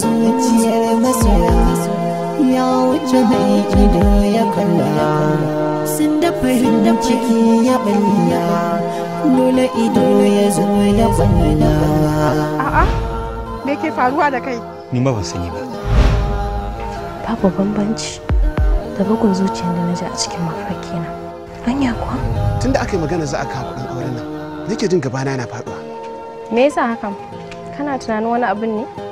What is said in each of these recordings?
zuciyar masoya ya wuce mai ido ya kalla sun da farin ciki ya balla dole ido ya zo ya balla a'a me ke faruwa da kai ni ma ban sani ba babu bambanci da bugun zuciyar da na ji a cikin mafarki na anya kuwa tunda aka yi magana za a kawo kuɗin auren nan nake jin gabana na faɗuwa me yasa hakan kana tunanin wani abin ne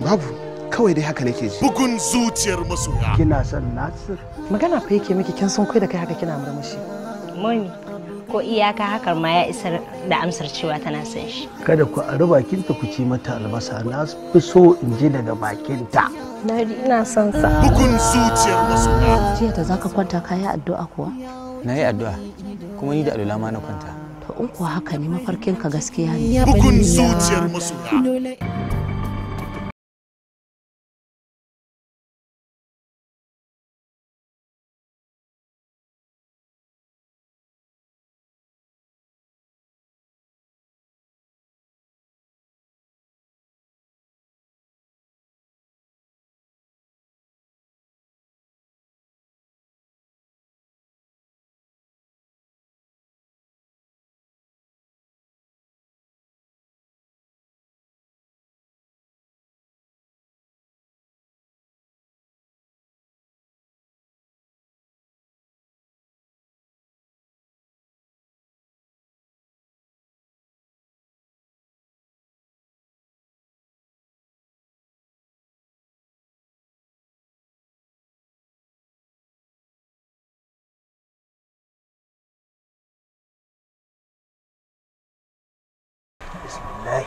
babu kawai dai haka nake ji bugun zuciyar masoya kina son nasir magana fa yake miki kin san kai da kai haka kina murmushi mun ko iyaka hakar ma ya isar da amsar cewa tana son shi kada ku a bakinta ku ci mata albasa na fi so in ji daga bakinta na ina son sa bugun zuciyar masoya jiya da zaka kwanta kayi addu'a kuwa na yi addu'a kuma ni da alula ma na kwanta to in kuwa haka ne ka gaskiya ne bugun zuciyar masoya amma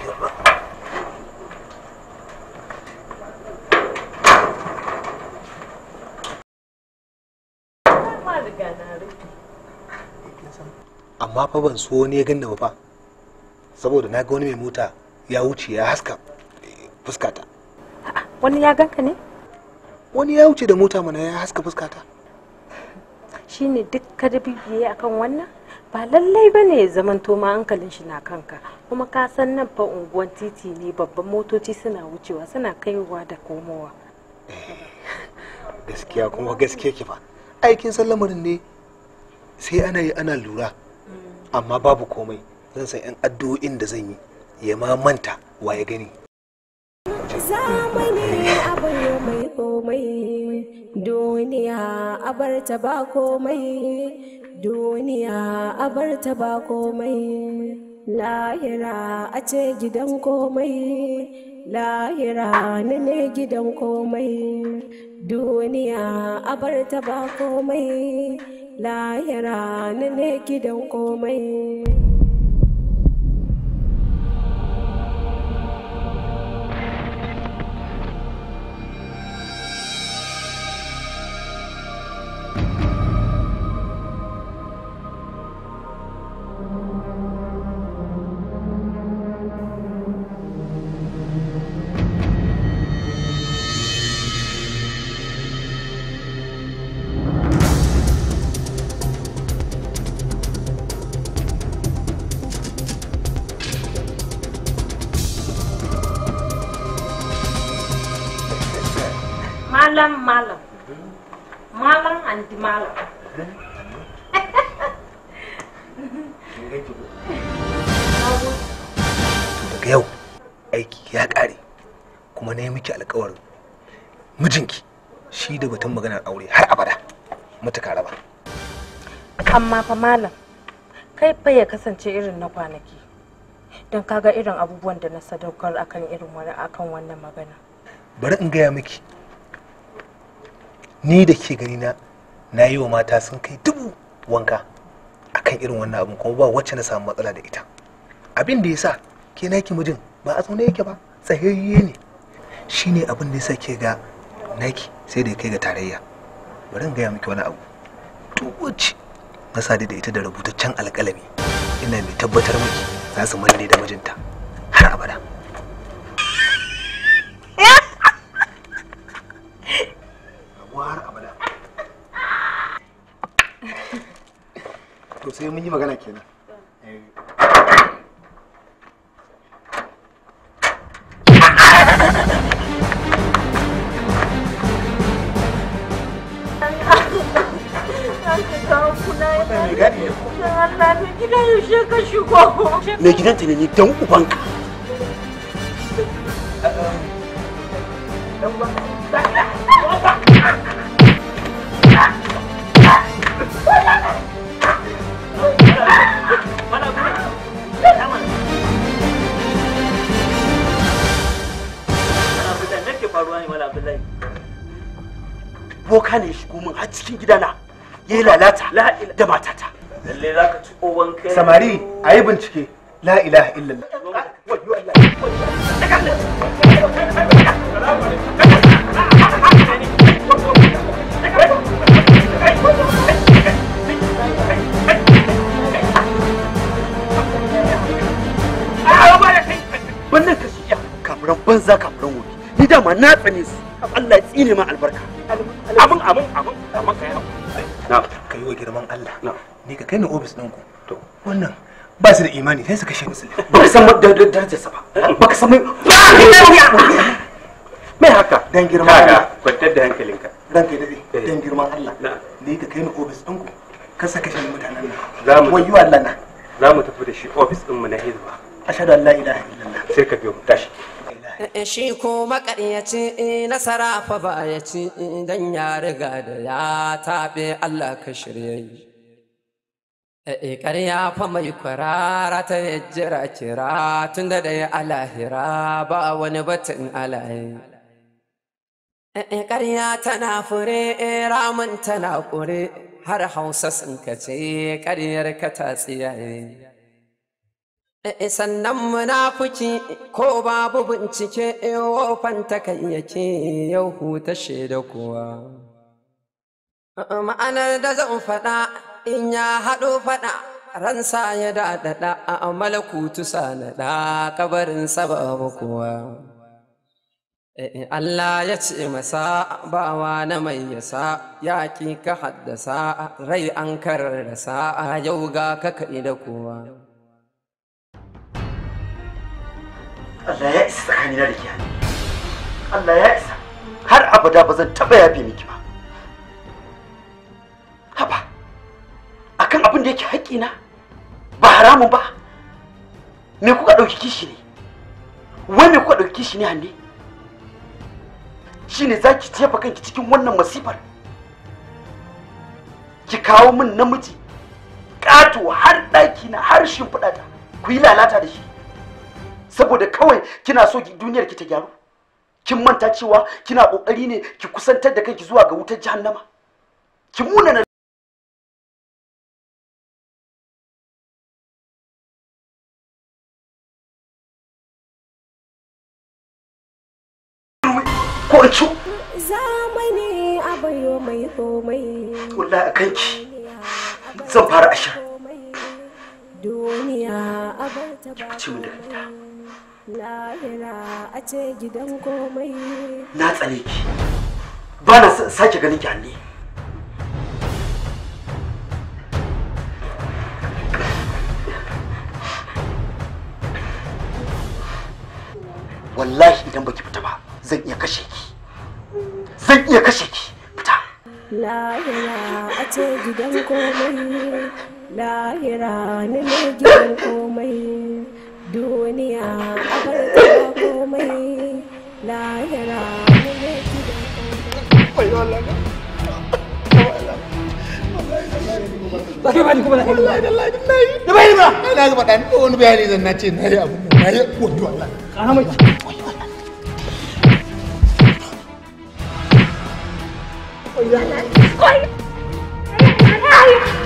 fa ban so ne gan da fa saboda na ga wani mai mota ya wuce ya haska fuskata wani ya ganka ne wani ya wuce da mota mana ya haska fuskata shine duk kadabi ne akan wannan ba lallai ba ne zamanto ma hankalin shi na kanka kuma ka san nan fa unguwan titi ne babban motoci suna wucewa suna kaiwa da komowa gaskiya kuma gaskiya ki fa aikin san lamarin ne sai ana yi ana lura amma babu komai zan san yan addu'o'in da zan yi ya ma manta wa ya gani zamani abu ne mai komai duniya abarta ba komai duniya abarta ba komai lahira a ce gidan komai lahira na ne gidan komai duniya abarta ba komai lahira na ne gidan komai fa malam kai fa ya kasance irin na kwanaki don kaga irin abubuwan da na sadaukar akan irin wani akan wannan magana bari in gaya miki ni da ke gani na na yi wa mata sun kai dubu wanka akan irin wannan abin kuma ba wacce na samu matsala da ita abin da yasa sa ke naki mijin ba a zaune yake ba tsayayye ne shine abin da yasa ke ga naki sai da ya kai ga tarayya bari in gaya miki wani abu duk wacce na sadi da ita da rubutaccen alƙalami ina mai tabbatar miki za su manne da mijinta har abada to sai mun yi magana kenan ka Me gidan tunani don ubanka. samari a yi bincike la ilaha illallah wannan ka shiya kamuran banza kamuran wofi ni dama na tsane su Allah ya tsine ma albarka abin abin abin abin ka yi na kai wa girman Allah ni ka kai ni ofis ɗinku to wannan ba su da imani sai su kashe girma Allah kwantar da hankalinka ranka dade eh. dan girman Allah ne ka kai ni office ɗinku ka saka shi mutanen nan wayo Allah na za mu tafi da shi office mu na hizba ashhadu an la ilaha illallah sai ka biyo mu tashi eh, shi ko makaryaci eh, nasara fa ba idan ya riga da ya taɓe Allah ka yi. Eh, eh, ƙarya fa mai kwarara ta jira kira tun da ya alahira ba wani batun alaye. Eh, ƙarya tana fure ramin tana ƙure har hausa sun kace ƙaryar ka ta tsiyaye. sannan munafuki ko babu bincike wofan ta kan yake yau huta shaida kuwa. ma'anar da zan faɗa in ya haɗo faɗa ransa ya daɗaɗa a malakutu da kabarin sababu kuwa eh, eh, Allah ya ce masa bawa na mai yasa ya ki ka haddasa rai an kararrasa yau ga ka kaɗi da kowa. Allah ya isa na da Allah ya isa har abada ba zan taɓa yafe miki ba. haramun ba me kuka ɗauki kishi ne wai me kuka ɗauki kishi ne Shi shine za ki jefa kanki cikin wannan masifar ki kawo min namiji ƙato har ɗaki na har shimfiɗa ku yi lalata da shi saboda kawai kina so duniyar ki ta gyaru kin manta cewa kina ƙoƙari ne ki kusantar da kanki zuwa ga wutar jahannama ki munana wallahi a kanki zan fara ashar duniya a barta ba na tsane ki ba na sake ganin ki hannu wallahi idan baki fita ba zan iya kashe ki zan iya kashe ki lahira a ce gidan komai lahira ne gidan komai duniya a farko komai lahira ne gidan komai na ba wani bayani zan na ce na yi abu na yi Ôi, lại lại. Lại lại lại.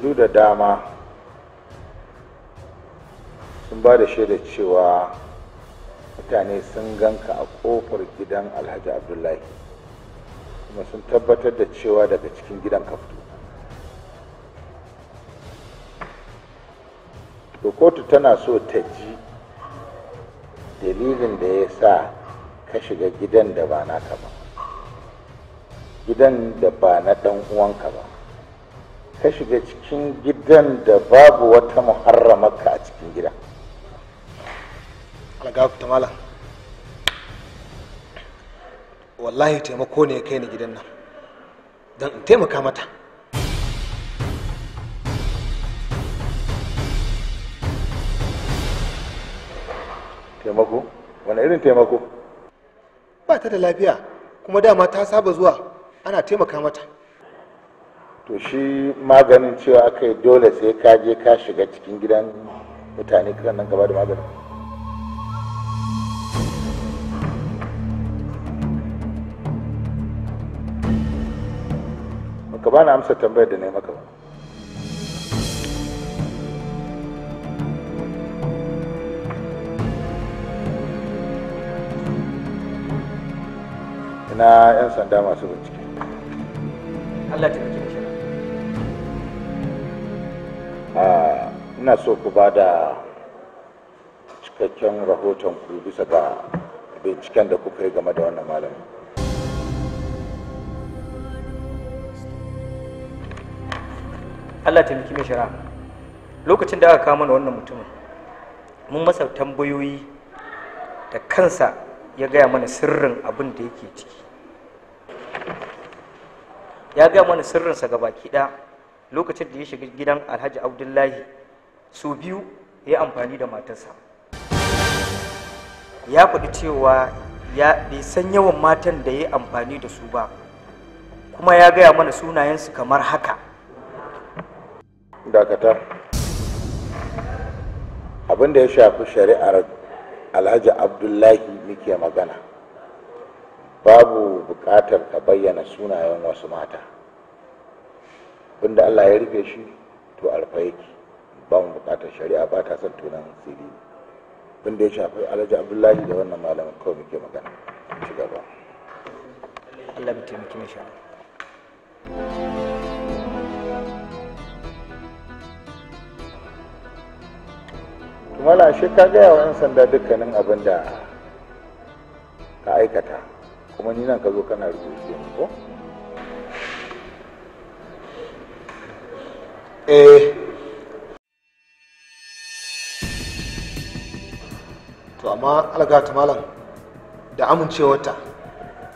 shaidu da dama sun ba da shaida cewa mutane sun ganka a kofar gidan alhaji abdullahi kuma sun tabbatar da cewa daga cikin gidan ka fito to kotu tana so ta ji dalilin da ya sa ka shiga gidan da ba naka ba gidan da ba na dan uwanka ba ka shiga cikin gidan da babu wata muharramaka a cikin gida algafu malam wallahi taimako ne kai ni gidan nan don in taimaka mata taimako wani irin taimako ba ta da lafiya kuma dama ta saba zuwa ana taimaka mata to shi maganin cewa aka yi dole sai ka je ka shiga cikin gidan mutane kan nan gaba da maganin ka bani amsa tambayar da ne maka ba ina 'yan sanda masu bincike Allah ta ina so ku ba da cikakken rahoton ku bisa ga binciken da kuka yi game da wannan malamin Allah taimaki mai shara lokacin da aka kama da wannan mutumin mun masa tambayoyi da kansa ya gaya mana sirrin abin da yake ciki ya gaya mana sirrinsa baki ɗaya lokacin da ya shiga gidan alhaji abdullahi su biyu ya amfani da matarsa ya faɗi cewa ya bai san yawan matan da ya amfani da su ba kuma ya gaya mana sunayensu kamar haka dakata abin da ya shafi shari'ar alhaji abdullahi muke magana babu bukatar ka bayyana sunayen wasu mata Binda Allah ya rufe shi to alfa yake ba bukatar shari'a ba ta son tunan siri abinda ya shafi alhaji abdullahi da wannan malamin kawai muke magana ci gaba Allah bi taimaki sha mala shi ka gaya wa 'yan sanda dukkanin abin da ka aikata kuma ni nan ka zo kana rubuce ko? eh to amma algata malam da amincewarta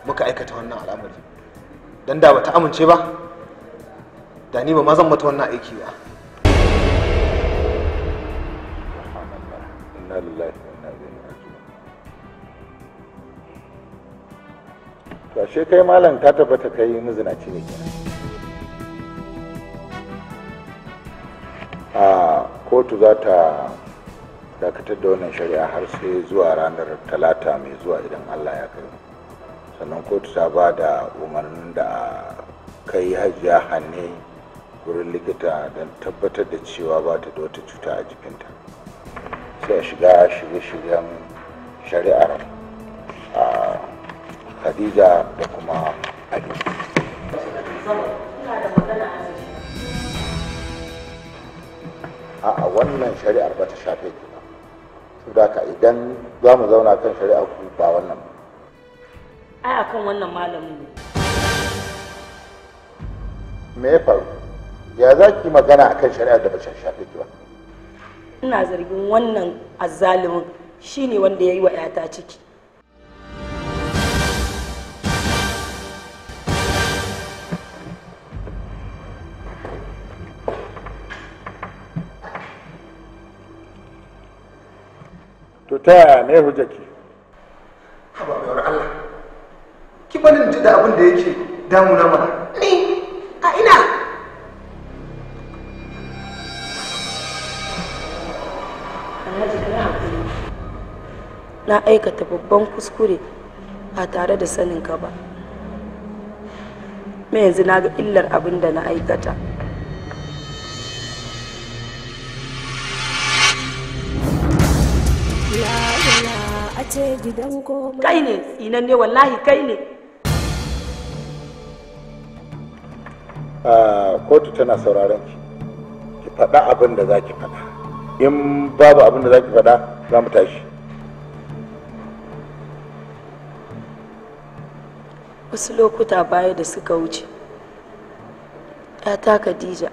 muka aikata wannan al'amari don da bata amince ba da ni ba ma zan mata wannan aiki ba to ashe kai malam ka tabbata kai mizinaci ne kenan kotu za ta dakatar da wannan shari'a har sai zuwa ranar talata mai zuwa idan allah ya kai sannan kotu ta ba da umarnin da kai hajiya hanne wurin likita don tabbatar da cewa ba ta da wata cuta a jikinta sai a shiga shirye-shiryen shari'ar a khadija da kuma ali a'a wannan shari'ar ba ta shafe ki ba saboda ka idan za mu zauna kan shari'ar ku ba wannan ba ai akan wannan malamin ne me ya faru ya za ki magana akan shari'ar da ba ta shafe ki ba ina zargin wannan azzalumin shine wanda ya yi wa 'yata ciki ta yaya ne hujjaki haba bayar Allah ki bani ji da abin da yake damuna mana ni a ina na aikata babban kuskure ba tare da saninka ba me yanzu na ga illar abin da na aikata ce gidan goma kai ne tsinan ne wallahi kai ne ah, kotu tana sauraron ki ki faɗa abin da za ki faɗa in babu abin da za ki faɗa za mu tashi wasu lokuta baya da suka wuce ta khadija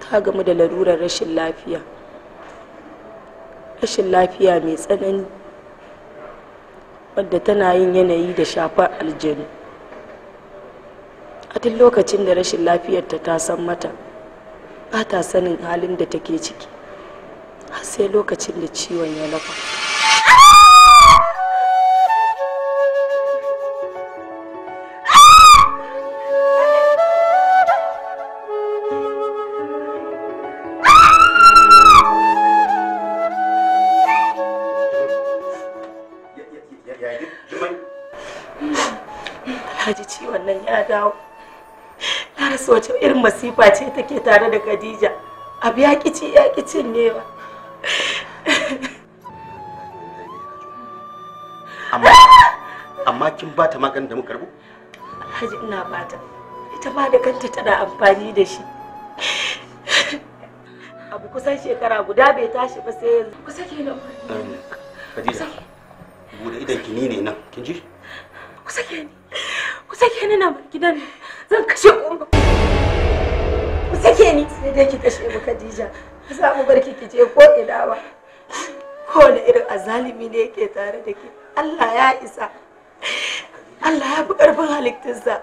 ta gamu da larurar rashin lafiya rashin lafiya mai tsanani shafar tana yin yanayi da shafar aljanu a duk lokacin da rashin lafiyarta ta san mata ba ta sanin halin da take ciki har sai lokacin da ciwon ya lafa. dawo na rasu wace irin masifa ce take tare da khadija abu ya kici ya kicin ne ba amma amma kin bata maganin da muka rubu alhaji ina bata ita ma da kanta tana amfani da shi abu kusan shekara guda bai tashi ba sai yanzu kusa ke nan Khadija bude idan ki ne nan kin ji kusa ke ni sake ni na bar gidan zan kashe umma ku sake ni sai dai ki kashe mu Khadija ba za mu bar ki je ko ina ba kowane irin azalimi ne yake tare da ke Allah ya isa Allah ya fi ƙarfin halittinsa.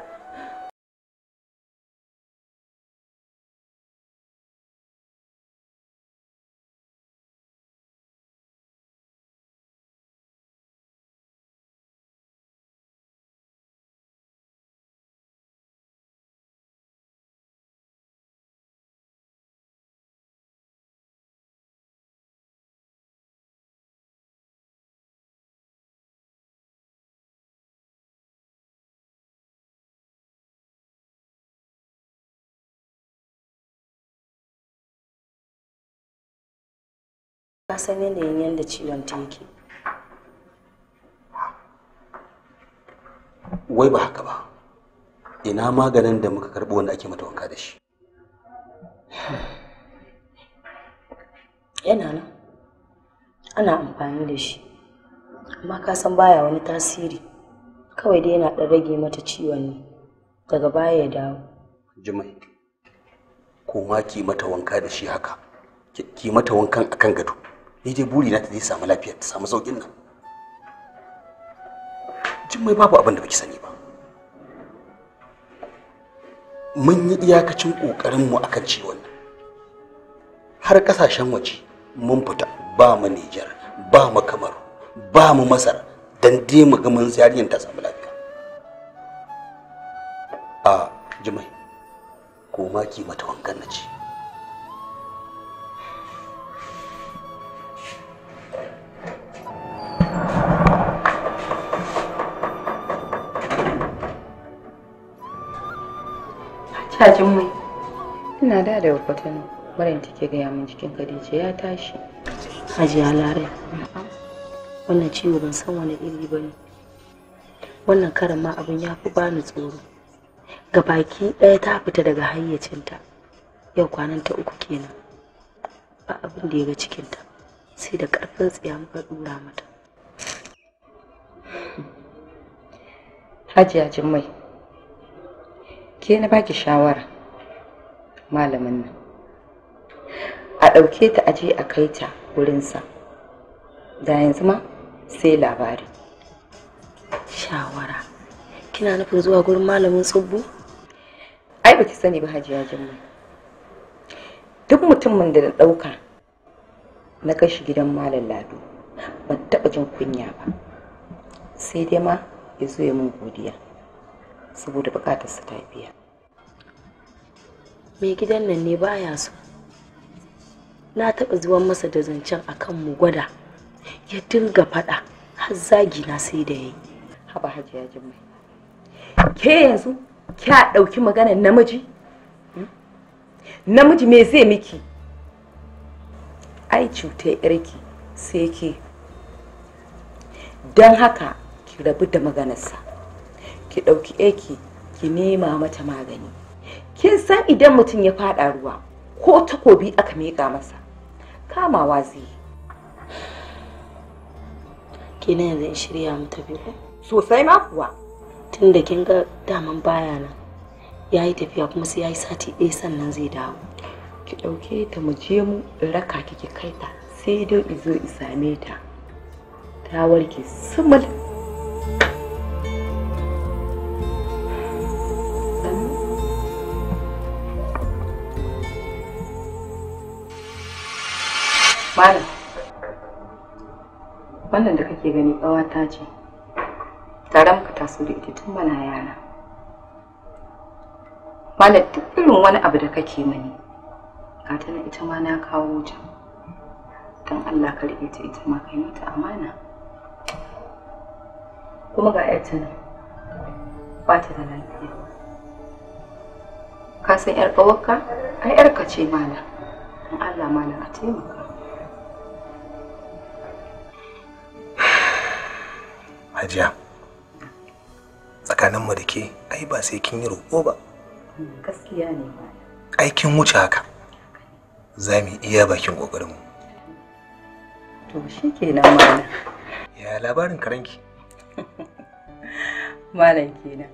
na san yanayin yadda ciwon ta yake wai ba haka ba ina maganin da muka karɓi wanda ake mata wanka da shi yana nan ana amfani da shi amma ka san baya wani tasiri kawai dai yana ɗan rage mata ciwon ne daga baya ya dawo jimai ko ma ki mata wanka da shi haka ki mata wankan akan gado ni dai buri na ta zai samu lafiya ta samu saukin nan jin mai babu abin da baki sani ba mun yi iyakacin kokarin mu akan ciwon nan har kasashen waje mun fita ba mu Nijar ba mu Kamaru ba mu Masar dan dai mu ga mun yarinyar ta samu lafiya a jimai ko ma ki mata wankan na ci Ina da da kwatan barin take gaya min jikin Khadija ya tashi. Hajiya Lare. Wannan ciwo ban san wani iri ba ne. Wannan karan ma abin ya fi bani tsoro. Ga baki ɗaya ta fita daga hayyacinta. Yau ta uku kenan. Ba abin da ya ga cikinta. Sai da ƙarfin tsiya muka ɗura mata. Hajiya Jummai. ke na baki shawara malamin nan a ɗauke ta aje a kai ta wurinsa da yanzu ma sai labari shawara kina nufin zuwa gurin malamin tsubbu ai baki sani ba hajiya jimmai duk mutumin da na ɗauka na kashi gidan malam lado ban taɓa jin kunya ba sai dai ma ya zo ya mun godiya saboda bukatarsa ta biya mai gidan nan ne baya so na taɓa zuwan masa da zancen akan mu gwada ya dinga faɗa har zagi na sai da yayi haba hajiya ke yanzu kya ɗauki maganar namiji hmm? namiji me zai miki ai cutar yarki sai ke don haka ki rabu da maganarsa ki ɗauki yarki ki nema mata magani kin san idan mutum ya fada ruwa ko takobi aka miƙa masa kamawa zai yi kina yanzu in shirya mu tafi ko sosai ma kuwa Tunda kin ga daman baya nan ya yi tafiya kuma sai ya yi sati ɗaya sannan zai dawo ki ɗauke ta mu je mu raka kike kai ta sai dai izo i same ta ta warke sumul Malam. Wannan da kake gani ƙawata ce. Tare muka taso da ita tun bana yara. Malam duk irin wani abu da kake mani. Ga ta na ita ma na kawo ta. Don Allah ka riƙe ta ita ma kai mata amana. Kuma ga ƴarta nan. Ba ta da lafiya. Ka san ƴar ƙawarka? Ai ƴarka ce malam. Allah malam a taimaka. hajiya tsakaninmu da ke ai ba sai kin yi roƙo ba gaskiya ne ba ai kin wuce haka za mu iya bakin ƙoƙarinmu to shi ke nan malam ya labarin karanki malam kenan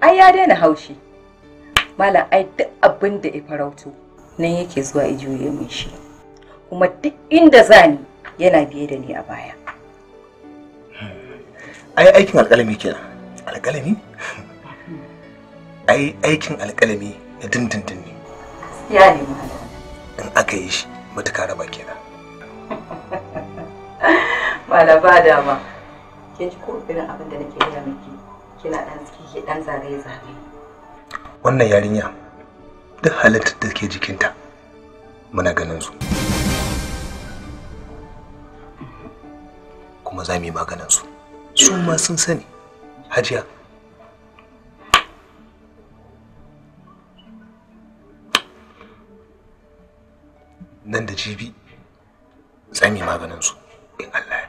ai ya daina haushi malam ai duk abin da ya farauto nan yake zuwa ijuye min shi kuma duk inda zani yana biye da ni a baya ai aikin alƙalami kenan alƙalami ai aikin alƙalami na dindindin ne ya ne in aka yi shi mutuka raba kenan malaba dama kin ji ko irin abin da nake gaya miki kina dan kike dan zagaye zagaye wannan yarinya duk halittar da ke jikinta muna ganin su kuma za mu yi maganin su su ma sun sani hajiya nan da jibi za mu maganin su in Allah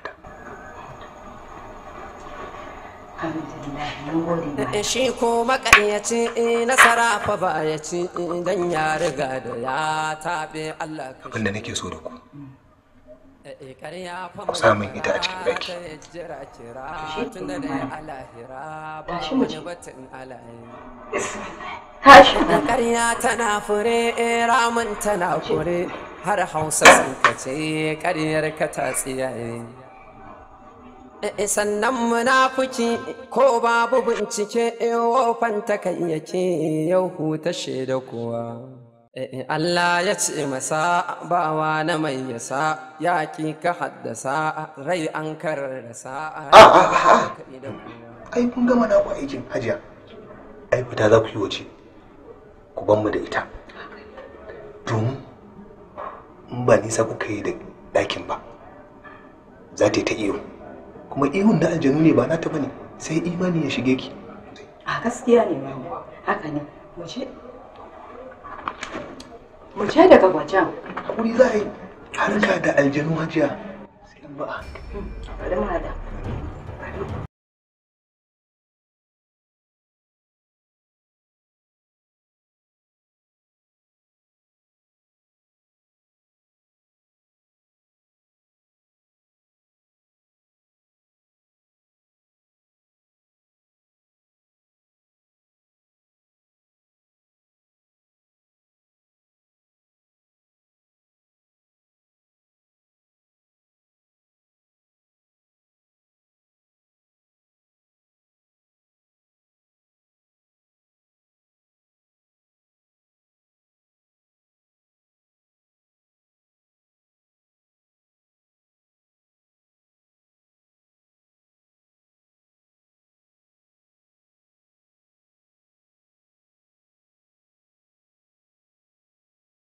ya Shi ko makaryaci eh, na fa ba ya ci idan eh, ya riga da ya taɓe Allah. Abin da nake so da ku. ku sa min ita a cikin daki tashi tana fure eh, ramin tana fure har hausa sun kace ƙaryar ka ta tsiyaye eh, sannan munafuki ko babu bincike eh, wofanta kan yake yau huta shaida kowa. Eh, eh, Allah ya ce masa bawa na mai yasa ya ki ka haddasa rai an karar ah, ah, ah, da sa'a. Ai kun gama na ku aikin hajiya. Ai fita za ku yi waje ku ban mu da ita. Domin in ba nisa kuka yi da ɗakin ba za ta yi ta iyo. Kuma ihun da aljanu ne ba na ta bane sai imani ya shige ki. A gaskiya ne ba haka ne mu Wuce daga wajen. Kuri za a yi harka da aljanu hajiya. Sai ba a. Hmm, bari mu hada.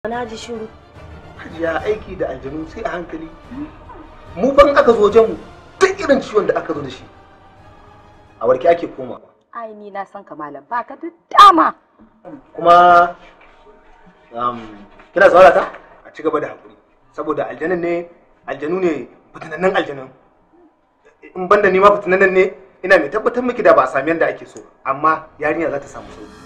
Na ji shiru. Ya aiki da aljanu sai a hankali. Mu ban aka zo wajen mu duk irin ciwon da aka zo da shi. A warke ake koma. Ai ni na san ka malam ba ka da dama. Kuma um, kina saurara ta? A ci gaba da haƙuri, Saboda aljanun ne aljanu ne fitinannan aljanun. In banda ni ma fitinannen ne ina mai tabbatar miki da ba a sami yadda ake so amma yarinya za ta samu sauki.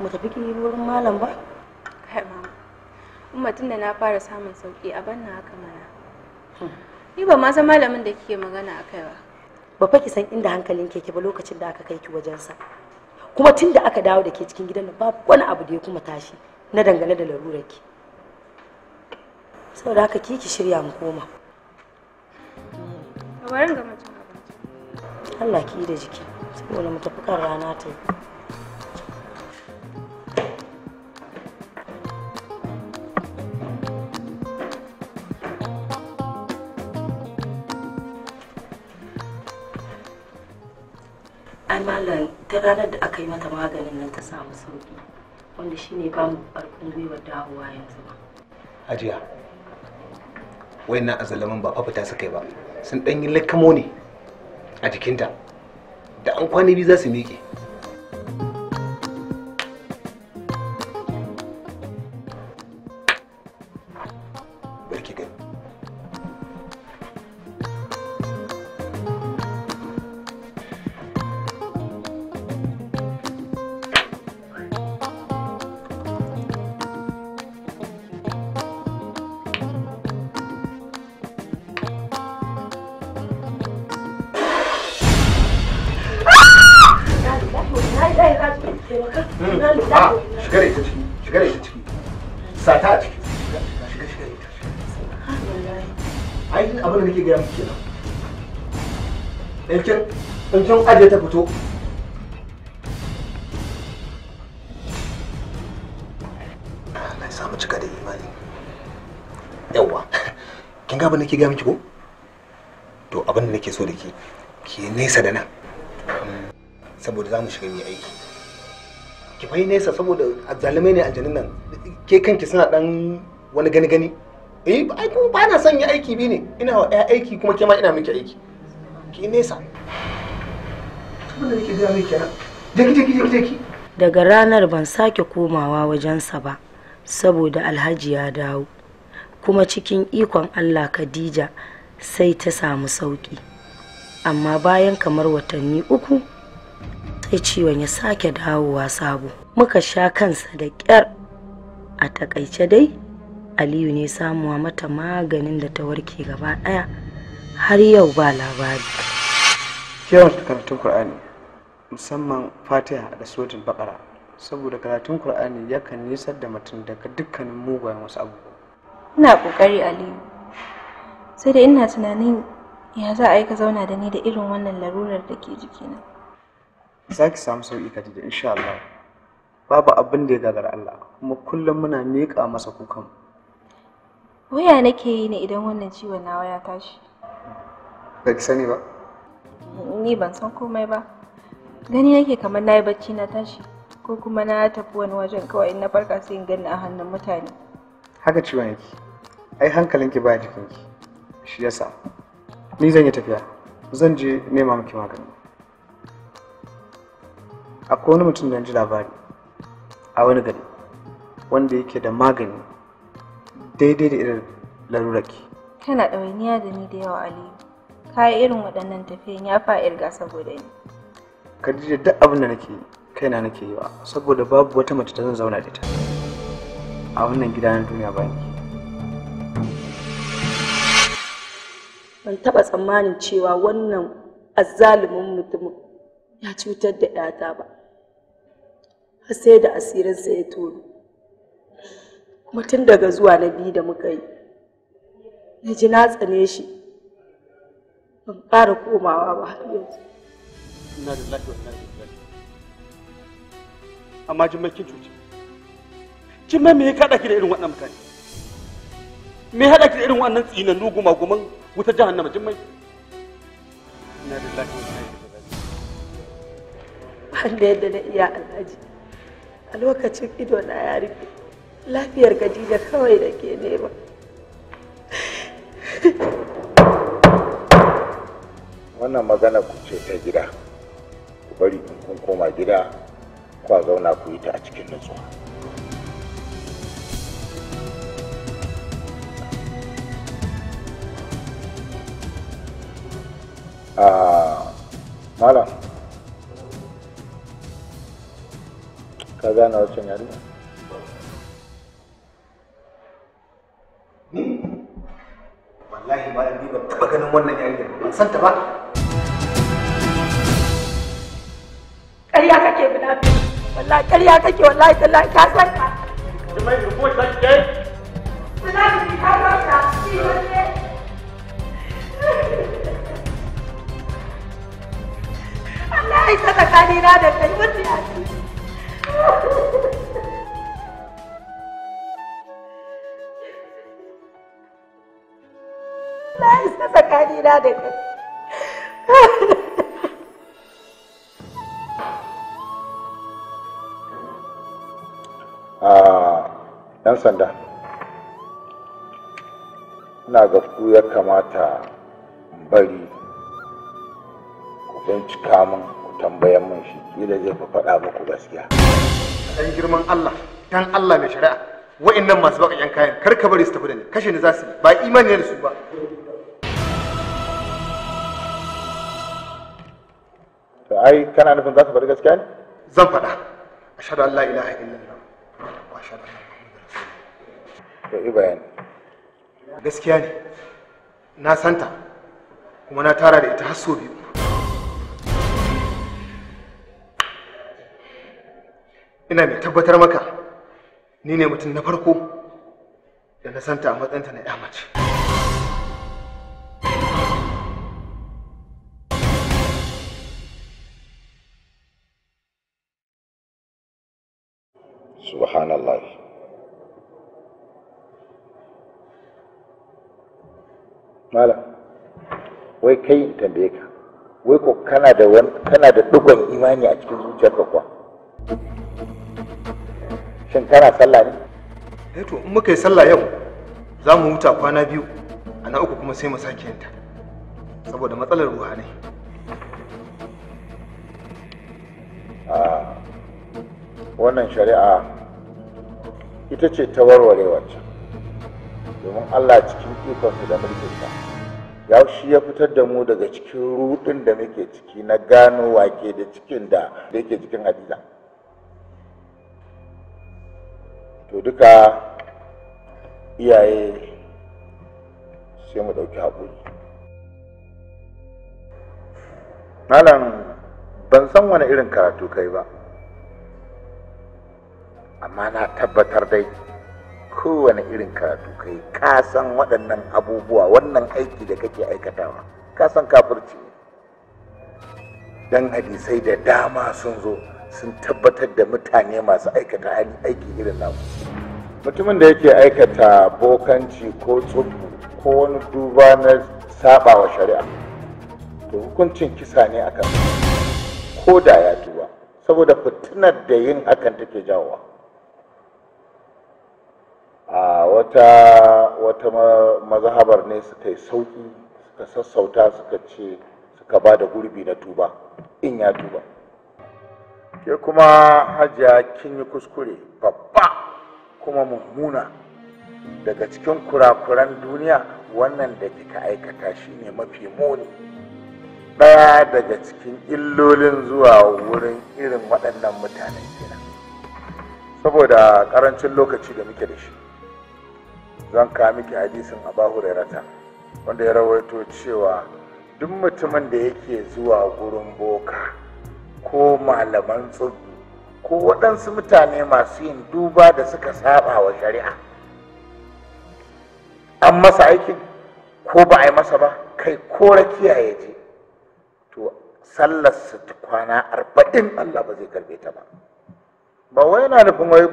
mu tafi ki wurin malam ba kai mama umma tunda na fara samun sauki a banna haka mana hmm. ni ba ma san malamin da kike magana akai ba ba fa ki san inda hankalin ke ki ba lokacin da aka kai ki wajen sa kuma tunda aka dawo da ke cikin gidan nan babu wani abu da ya kuma tashi na dangane da larurar ki saboda haka ki ki shirya mu koma ga Allah ki da jiki saboda mu tafi kan rana ta yi ai malam ta ranar da aka yi mata maganin nan ta samu sauki wanda shi ne ba mu ƙarfin gwiwar dawowa yanzu ba ajiya na azalaman ba fafita suka yi ba sun ɗan yi lakamo ne a jikinta da an kwana biyu za su miƙe kin aje ta fito Allah samu cika da imani yawa kin ga abin da ke ga miki ko to abin da nake so da ke ke nesa da nan saboda za mu shiga mai aiki ki fai nesa saboda azzalumai ne aljanin nan ke kanki suna dan wani gani gani eh ai ko ba na son yi aiki bi ne ina wa aiki kuma ke ma ina miki aiki ki nesa daga ranar ban sake komawa wajensa ba saboda alhaji ya dawo kuma cikin ikon allah khadija sai ta samu sauki amma bayan kamar watanni uku sai ciwon ya sake dawowa sabo muka sha kansa da ƙyar a takaice dai aliyu ne samuwa mata maganin da ta warke gaba ɗaya har yau ba labari yawan karatun Kur'ani. musamman fatiha da sojin bakara saboda karatun qur'ani yakan nisar da mutum daga dukkanin mugayen wasu abubuwa ina kokari aliyu sai da ina tunanin ya za a yi ka zauna da ni da irin wannan larurar da ke jikina za ki samu sauƙi ka da insha Allah babu abin da ya gagara Allah kuma kullum muna miƙa masa kukan waya nake yi ne idan wannan ciwon nawa ya tashi ba ki sani ba ni ban san komai ba gani yake kamar na yi bacci na tashi ko kuma na tafi wani wajen kawai na farka sai in gani a hannun mutane haka ciwon yake ai hankalinki ba jikinki shi yasa ni zan yi tafiya zan je nema miki magani akwai wani mutum da ji labari a wani gari wanda yake da magani daidai da irin larurarki kana ɗawainiya da ni da yawa aliyu kayi irin waɗannan tafiyan ya ga saboda ni Khadija duk abin da nake kaina nake yi wa saboda babu wata mace ta zan zauna da ita a wannan gida duniya bayan ni Ban taɓa tsammanin cewa wannan azzalumin mutumin ya cutar da ‘yata ba, har sai da asirinsa ya tono. Kuma tun daga zuwa na biyu da muka yi, na ji na tsane shi, ban ƙara komawa ba har yanzu. ina da lafiya ina da lafiya amma jimai kin cuci jimai me ya kaɗa ki da irin waɗannan mutane me ya haɗa ki da irin waɗannan tsinannu gumaguman wutar jahannama jimai ina da lafiya ina da lafiya wanda yadda na iya alhaji a lokacin ido na ya rufe lafiyar kawai da ke nema wannan magana ku ce ta gida bari kun koma gida kwa zauna ku yi ta a cikin nutsuwa ah, malam ka gane wacce yarinya hmm? wallahi ba ya ni ba taɓa ganin wannan yarinya ban santa ba wallahi ƙarya kake wallahi tallahi ka san ka you may report that day tsunami ka san ka shi wanne Allah ya saka kanina da kai wanda ya ci Allah ya saka kanina da kai 'yan sanda ina ga ku ya kamata bari ku bincika min ku tambayan min shi da zai fi faɗa muku gaskiya dan girman Allah dan Allah mai shari'a wa'annan masu baka yan kayan kar ka bari su tafi da ni kashe ni za su yi ba imani da su ba to ai kana nufin za su bari gaskiya ne zan faɗa ashhadu an la ilaha illallah wa ashhadu anna da yi bayani gaskiya ne na santa kuma na tara da ita har so biyu ina mai tabbatar maka ni ne mutum na farko da na santa a matsayinta na 'ya mace malam wai kai in tambaye ka wai ko kana da kana da dugon imani a cikin zuciyarka kuwa shin kana sallah ne eh to in muka yi sallah yau za mu huta kwana biyu a na uku kuma sai mu sake yinta saboda matsalar ruhanai a wannan shari'a ita ce ta warware wacce domin Allah cikin ikonsa da mulkinsa ya shi ya fitar da mu daga cikin rudin da muke ciki na gano wake da cikin da yake cikin Hadiza to duka iyaye sai mu ɗauki haƙuri malam ban san wani irin karatu kai ba amma na tabbatar dai kowane irin karatu kai ka san waɗannan abubuwa wannan aiki da kake aikatawa ka san kafirci dan hadisai da dama sun zo sun tabbatar da mutane masu aikata aiki irin namu mutumin da yake aikata bokanci ko tsubu ko wani duba na saba shari'a to hukuncin kisa ne akan ko da ya tuba saboda fitinar da yin hakan take jawowa a wata wata mazhabar ne suka yi sauki suka sassauta suka ce suka ba da gurbi na tuba in ya tuba ke kuma hajiya kin yi kuskure babba kuma mummuna daga cikin kurakuran duniya wannan da kika aikata shine mafi muni ɗaya daga cikin illolin zuwa wurin irin waɗannan mutanen kenan saboda ƙarancin lokaci da muke da shi zan kawo miki hadisin abu hurairata wanda ya rawaito cewa duk mutumin da yake zuwa gurin boka ko malaman tsubu ko waɗansu mutane masu yin duba da suka saba wa shari'a an masa aiki ko ba a yi masa ba kai ko rakiya ya je to sallar su kwana arba'in allah ba zai karbe ta ba ba wai yana nufin wai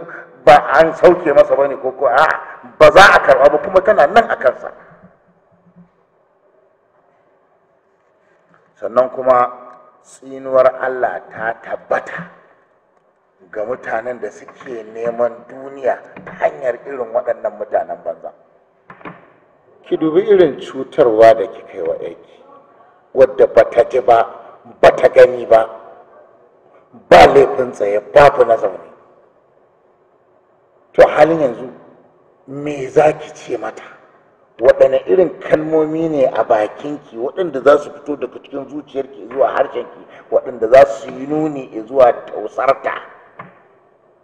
ba an sauke masa bane ko ko a ba za a karba ba kuma tana nan a kansa sannan kuma tsinuwar Allah ta tabbata ga mutanen da suke neman duniya ta hanyar irin waɗannan mutanen banza ki dubi irin cutarwa da ki kai wa aiki, wadda bata ji ba bata gani ba ba laifin tsaye babu na zaune to halin yanzu me za ki ce mata waɗanne irin kalmomi ne a bakinki waɗanda za su fito daga cikin zuciyarki zuwa harshenki waɗanda za su yi nuni zuwa tausarta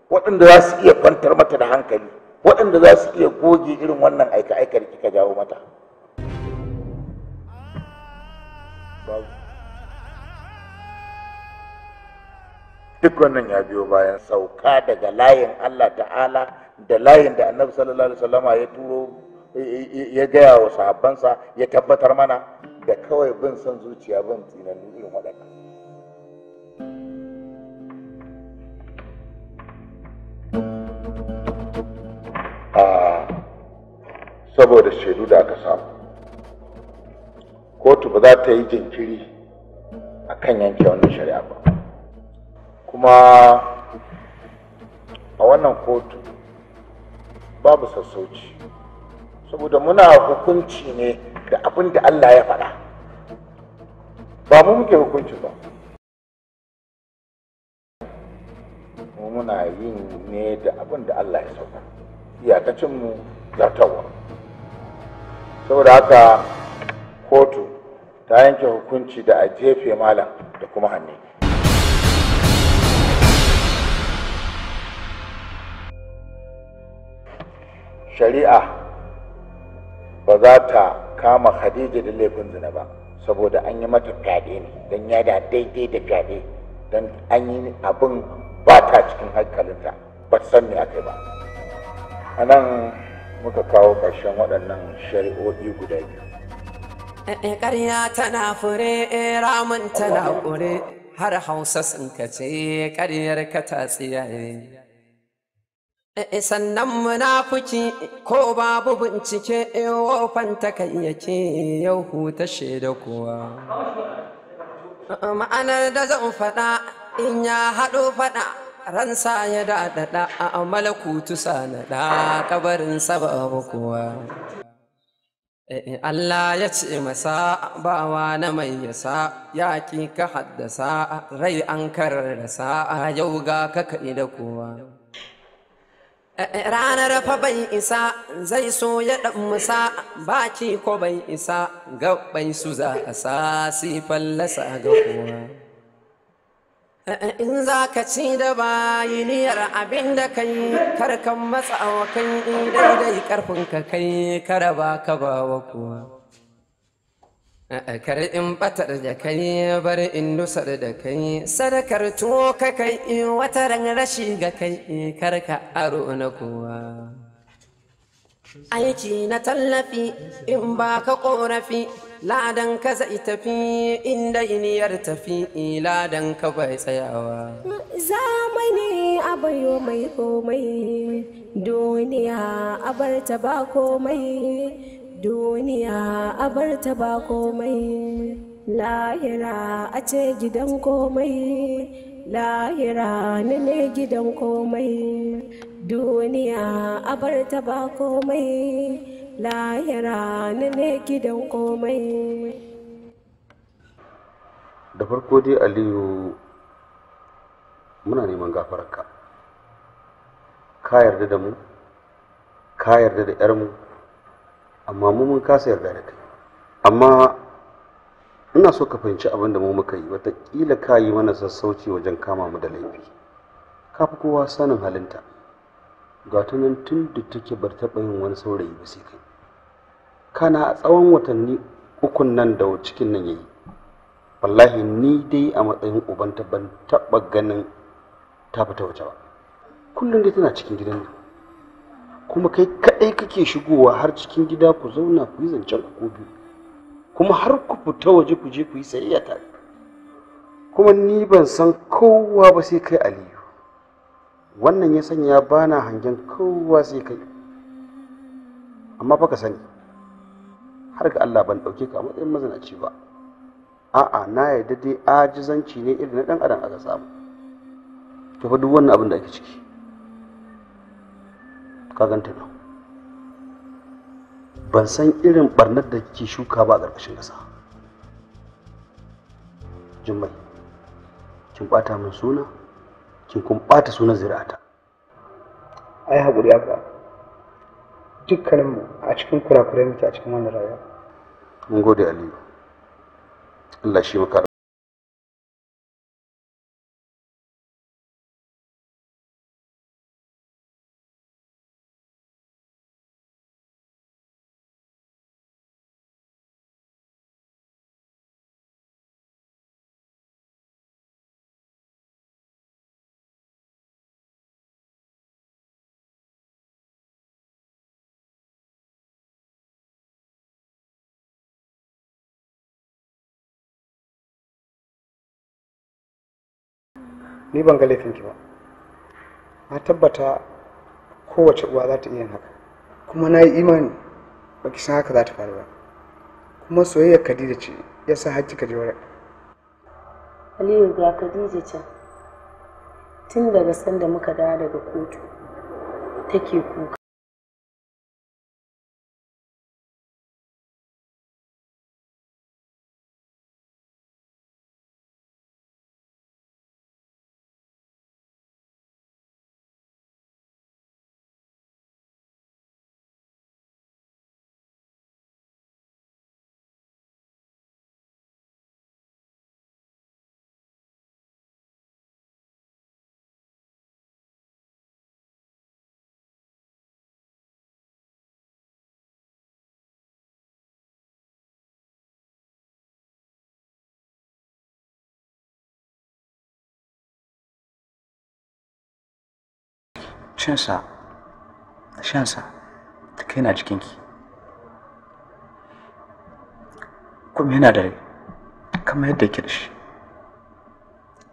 waɗanda za su iya kwantar mata da hankali waɗanda za su iya goge irin wannan aika-aikar kika jawo mata duk wannan ya biyo bayan sauka daga layin Allah ta'ala da layin da annabi sallallahu alaihi wasallama ya turo ya gaya wa sahabbansa ya tabbatar mana da kawai bin son zuciya bin tsinannu irin waɗannan ah, saboda shaidu da aka samu kotu ba za ta yi jinkiri a kan yanke wannan shari'a ba kuma a wannan kotu babu sassauci saboda muna hukunci ne da abin da Allah ya faɗa ba mu muke hukunci ba mu muna yin ne da abin da Allah ya sauka iyakacinmu zartawa saboda haka kotu ta yanke hukunci da a jefe malam da kuma hannu shari'a ba za ta kama khadija da laifin zina ba saboda an yi mata fyaɗe ne don ya da daidai da fyaɗe don an yi abin ba ta cikin hankalinta ba san me aka yi ba a nan muka kawo ƙarshen waɗannan shari'o'i guda biyu eh, eh, ƙarya tana fure eh, ramin tana ƙure har hausa sun kace ƙaryar ka ta tsiyaye Eh, sannan munafuki ko babu bincike eh, wofan takan yake yau huta shaida kuwa eh, ma'anar da zan faɗa in ya haɗo faɗa ransa ya daɗaɗa a na ɗa kabarin sababu kuwa Allah ya ce masa bawa na mai yasa ya ƙi ka haddasa rai an karar da yau ga ka da kowa. Eh, eh, ranar fa bai isa zai so ya ɗan musa baki ko bai isa gaɓai su za a sa si fallasa ga kowa eh, in za ka ci da bayi niyar abin da ka yi karkan matsa wa kai, daidai karfin ka kai kara ba ka ba wa kowa kar in batar da kai bar in nusar da kai sadakar tuwo ka kai wata ran rashi ga kai kar ka aro na kowa aiki na tallafi in ba ka korafi ladan ka zai tafi inda iniyar tafi ladan ka bai tsayawa zamani abayo mai komai duniya abarta ba komai duniya a bar ta ba komai lahira a ce gidan komai lahira na ne gidan komai duniya a bar ta ba komai lahira na ne gidan komai da farko dai aliyu muna neman gafararka ka yarda da mu ka yarda da 'yarmu amma mu mun kasa yarda da kai amma ina so ka fahimci abin da mu muka yi wataƙila ka yi mana sassauci wajen kama mu da laifi ka fi kowa sanin halinta ga ta nan tun da take bar taɓa yin wani saurayi ba sai kai kana a tsawon watanni ukun nan da cikin nan yayi wallahi ni dai a matsayin ubanta ban taɓa ganin ta fita waje ba kullum dai tana cikin gidan nan kuma kai kaɗai kake shigowa har cikin gida ku zauna ku yi zancen ku biyu kuma har ku fita waje ku je ku yi sayayya tare kuma ni ban san kowa ba sai kai aliyu wannan ya sanya bana hangen kowa sai kai amma fa ka sani har ga Allah ban ɗauke ka a matsayin mazinaci ba a'a na yarda dai ajizanci ne irin na ɗan adam aka samu to fa duk wannan abin da ake ciki ka ganta nan ban san irin barnar da ke shuka ba a ƙarƙashin ƙasa jummai kin ɓata min suna kin kun ɓata sunan zira'ata. ai haƙuri haka mu a cikin kurakurai muke a cikin wannan rayuwa mun gode aliyu Allah shi maka ni ban ga laifinki ba na tabbata kowace uwa za ta iya yin haka kuma na yi imani ba ki san haka za ta faru ba kuma soyayyar khadija ce ya sa hajji ka je aliyu ga khadija ce, tun daga sanda muka dawo daga kotu take kuka cinsa da shansa kai na jikinki kuma yana da rai kamar yadda yake da shi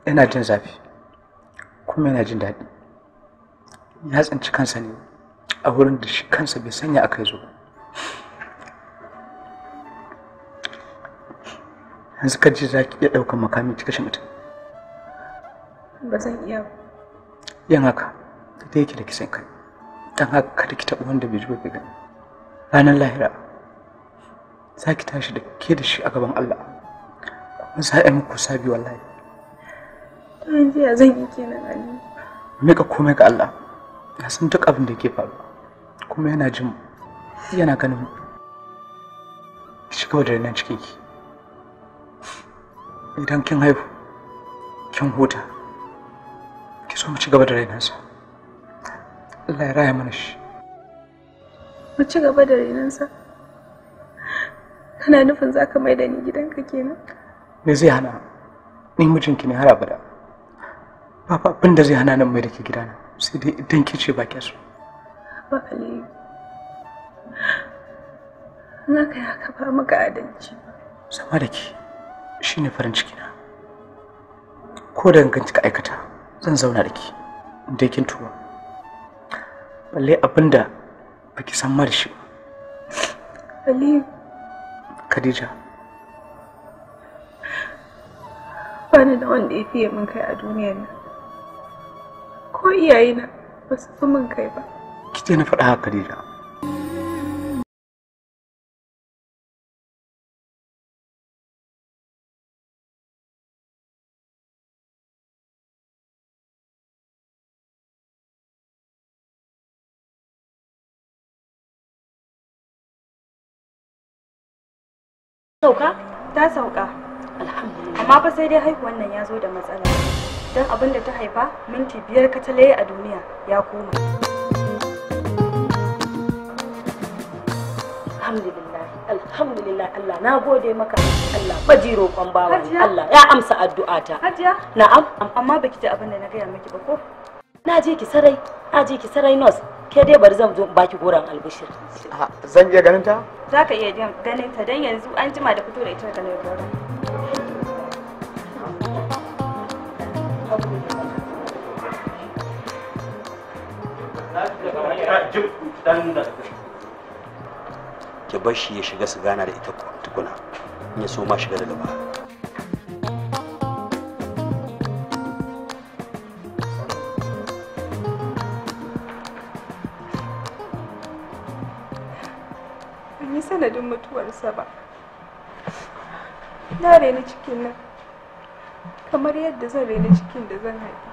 yana jin zafi kuma yana jin daɗi ya tsinci kansa ne a wurin da shi kansa bai sanya aka zo yanzu ka ji za ki iya ɗaukar makami ki mutum ba zan iya yin haka da yake da kisan kai don haka kada ki taɓa wanda bai ji ba gani ranar lahira za ki tashi da ke da shi a gaban Allah kuma za a yi muku sabi wallahi don ya zan yi kenan Ali ka komai ga Allah na san duk abin da ke faru kuma yana jin yana ganin ki shiga da nan cikin ki idan kin haihu kin huta ki so mu ci gaba da rainansa Allah ya raya mana shi mu ci gaba da renansa kana nufin za ka mai da ni gidanka kenan me zai hana ni mijinki ne har abada ba abin da zai hana nan mai da ke gidana sai dai idan ki ce ba ki so ba aliyu na kai haka ba maka adalci sama da ki shine farin ciki na ko da ganci ka aikata zan zauna da ki dai kin tuba balle abinda baki san mara shi Aliyu Khadija bani da wanda ya fiye min kai a duniyar nan ko iyayena ba su fi min kai ba ki na faɗa haka kadija. sauka ta sauka amma fa sai dai haihuwan nan ya zo da matsala don abin da ta haifa minti biyar katalaye a duniya ya koma alhamdulillah alhamdulillah Allah na gode maka Allah baji roƙon bawa Allah ya amsa addu'ata hajiya na'am amma baki ji abin da na gaya miki ba ko na je ki sarai na je ki sarai nurse ke dai bari zan zo baki goran albishir zan iya ganin ta za ka iya ganin ta don yanzu an jima da fito da ita daga lagos ki bar shi ya shiga su gana da ita tukuna in ya so ma shiga da gaba sanadin mutuwarsa ba na raina cikin nan kamar yadda zan raina cikin da zan haifa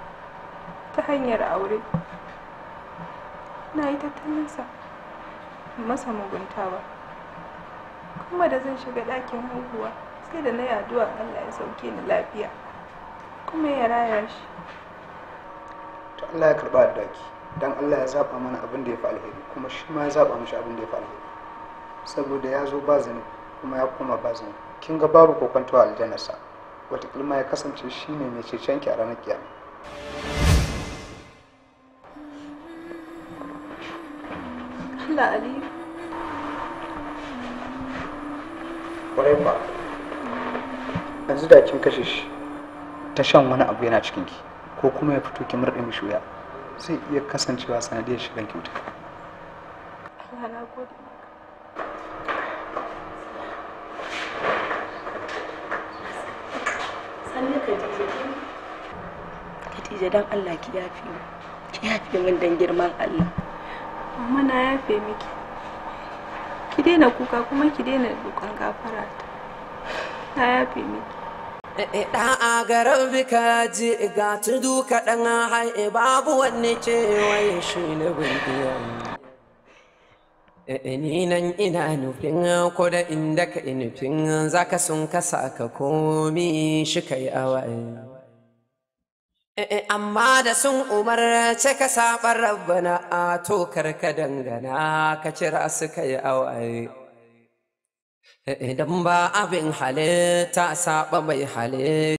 ta hanyar aure na yi tattalinsa masa mugunta ba kuma da zan shiga ɗakin haihuwa sai da na yi addu'a allah ya sauke ni lafiya kuma ya raya shi to allah ya karɓa daki don allah ya zaba mana abin da ya fi alheri kuma shi ma ya zaba mashi abin da ya fi alheri saboda ya zo ba kuma ya koma ba kin ga babu kokwanto a aljanarsa wataƙila ma ya kasance shi ne mai cecen ki a ranar kiyama Allah Ali Kwarai ba. Yanzu da kin kashe shi ta shan wani abu yana cikinki ko kuma ya fito ki murɗe mishi wuya zai iya kasancewa sanadiyar shigan kyauta. Allah na gode. sannu Khadija Khadija dan Allah ki yafe mu ki yafe min dan girman Allah mama na yafe miki ki daina kuka kuma ki daina dukan gafara ta na yafe miki eh, eh, a garin bika ji ga tudu kaɗan hai eh, babu wani cewa ya shi na bindiyan Eh, ni nan ina nufin ko da inda ka nufin za ka sun kasa ka komi shi ka yi eh, eh, Amma da sun umar ce ka saɓar rabbana a to karka dangana ka cira su ka yi awaye. Idan ba abin halitta saɓa mai halitta.